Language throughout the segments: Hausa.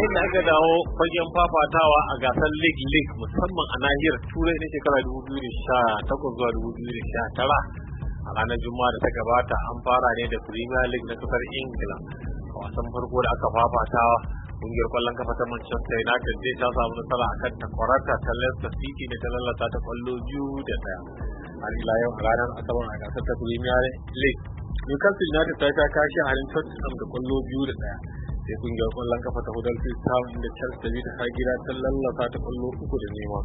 yayin da aka dawo fagen fafatawa a gasar league league musamman a nahiyar turai na shekara 2018 zuwa 2019 a ranar juma'a da ta gabata an fara ne da premier league na kasar ingila a wasan farko da aka fafatawa ƙungiyar kwallon kafa ta manchester united zai ta samu nasara a kan takwarata ta leicester city da ta lalata ta kwallo biyu da daya har ila yau a ranar asabar a gasar ta premier league newcastle united ta ta kashe halin tottenham da kwallo biyu da ɗaya. sai kungiyar kwallon kafa ta fi Town inda da ta bi ta gida ta lallafa ta kwallo uku da nema.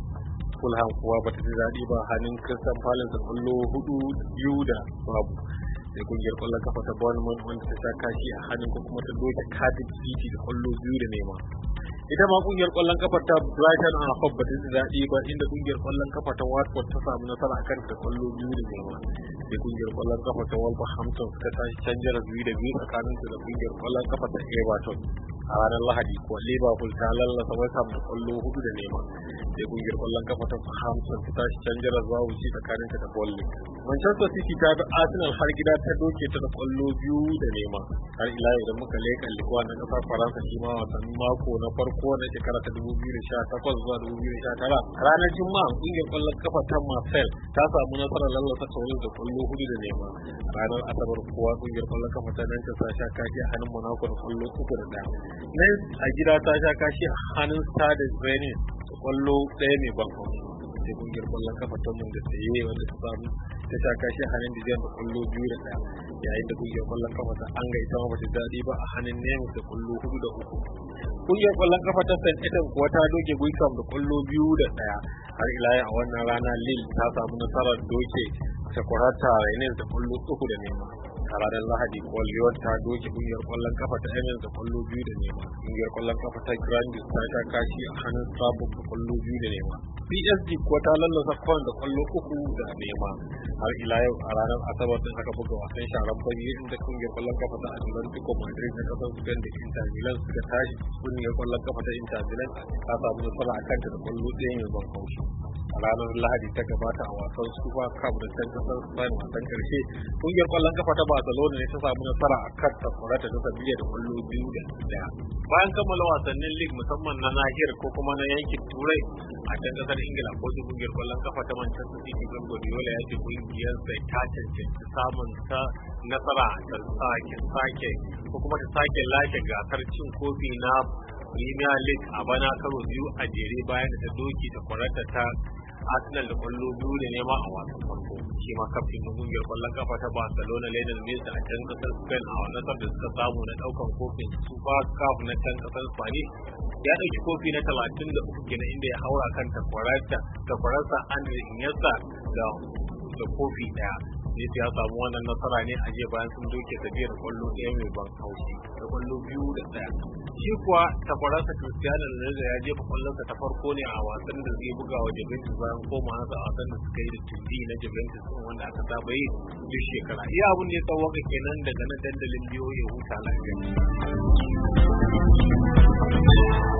Fulham kuwa ba ta ji daɗi ba hannun Crystal Palace da kwallo hudu biyu da babu. Sai kungiyar kwallon kafa ta Bournemouth wanda ta sha kashi a hannun kuma ta doke Cardiff titi da kwallo biyu da nema. ita ma kungiyar kwallon kafa ta Brighton and Hove bata da daɗi ba inda kungiyar kwallon kafa ta Watford ta samu nasara akan ta kwallo biyu da goma sai kungiyar kwallon kafa ta Wolverhampton ta tashi canjar biyu da biyu tsakanin da kungiyar kwallon kafa ta Everton a ranar Lahadi ko Liverpool ta lallasa West Ham da kwallo hudu da nema sai kungiyar kwallon kafa ta Southampton ta tashi canjar zawo wuce tsakanin ta da Bournemouth Manchester City ta bi Arsenal har gida ta doke ta da kwallo biyu da nema har ila idan muka leka likuwa na kasar Faransa shi ma wasan mako na farko na shekara ta 2018 zuwa 2019 ranar Juma'a kungiyar kwallon kafa ta Marcel ta samu nasarar lallasa Toulouse da kwallo hudu da nema ranar Asabar kuwa kungiyar kwallon kafa ta Manchester sha kashi a hannun Monaco da kwallo uku da ɗaya. Nantes a gida ta sha kashi a hannun Stade da kwallo ɗaya mai ban sai kungiyar kwallon kafa ta mun da tsaye wanda ta samu ta sha kashi a hannun dijiyar da kwallo biyu da ɗaya yayin da kungiyar kwallon kafa ta an ga ita ba ta daɗi ba a hannun nemus da kwallo hudu da uku kungiyar kwallon kafa ta san ita kuwa ta doke wickham da kwallo biyu da ɗaya har ila a wannan rana lil ta samu nasarar doke sakwarata rainin da kwallo uku da nema a ranar lahadi kwallon ta doki kungiyar kwallon kafa ta emirates da kwallo biyu da nema kungiyar kwallon kafa ta grandis ta sha kashi a hannun sabon da kwallo biyu da nema psg kuwa ta lallasa kwan da kwallo uku da nema har ila yau a ranar asabar din aka buga wasan sharan fage inda kungiyar kwallon kafa ta atlantico madrid na kasar spain da inter milan suka tashi kungiyar kwallon kafa ta inter milan ta samu nasara a kanta da kwallo ɗaya mai ban haushi ranar lahadi ta gabata a wasan super cup da can kasar spain wasan karshe kungiyar kwallon kafa ta barcelona ne ta samu nasara a kan takwarata ta biyar da kwallo biyu da daya bayan kammala wasannin league musamman na nahiyar ko kuma na yankin turai a can kasar ingila ko kungiyar kwallon kafa ta manchester city don guardiola ya ce kungiyar sai ta cancanci samun ta nasara ta sake sake ko kuma ta sake lashe gasar cin kofi na Premier League a bana karo biyu a jere bayan da ta doki da kwararta ta arsenal da kwallo biyu da nema a wasan farko shi ma kafin na kungiyar kwallon kafa ta barcelona lionel messi a can kasar spain a wannan da suka samu na daukan kofin super cup na can kasar spain ya ɗauki kofi na talatin da uku kenan inda ya haura kan takwararsa andre iniesta da kofi ɗaya Messi ya samu wannan nasara ne a jiya bayan sun doke tafiyar kwallo ɗaya mai ban haushi da kwallo biyu da ɗaya. Shi kuwa takwaransa Cristiano Ronaldo ya jefa kwallonsa ta farko ne a wasan da zai buga wa Juventus bayan koma a wasan da suka yi da Tundi na Juventus wanda aka saba yi duk shekara. Iya abin da ya tsawaka kenan daga na dandalin biyo ya huta lafiya.